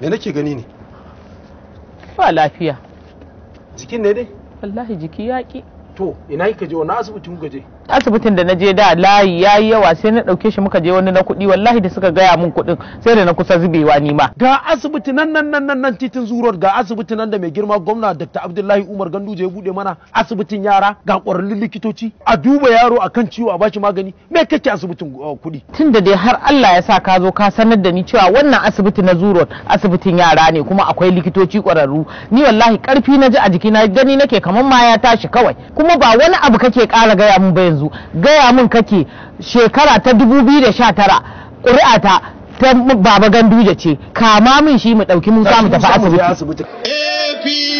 me nake gani ne ba lafiya jikin ne dai wallahi jiki yaƙi to ina kika je wani asibiti muka je asibitin da na je da layi yayi yawa sai na dauke shi muka je wani na kuɗi wallahi da suka gaya mun kuɗin sai da na kusa zubewa ni ma ga asibiti nan nan nan nan nan titin zurot ga asibiti nan da mai girma gwamna Dr. Abdullahi Umar Ganduje ya bude mana asibitin yara ga ƙwararrun likitoci a duba yaro akan ciwo a bashi magani me kake asibitin uh, kuɗi da dai har Allah ya sa ka zo ka sanar da ni cewa wannan asibiti na zurot asibitin yara ne kuma akwai likitoci ƙwararru ni wallahi karfi na ji a jikina gani nake kamar ma ya tashi kawai kuma ba wani abu kake ƙara gaya mun ba yanzu gaya mun kake shekara ta 2019 ƙuri'a ta ta baba ganduje ce kama min shi mu ɗauki mun samu tafi asibiti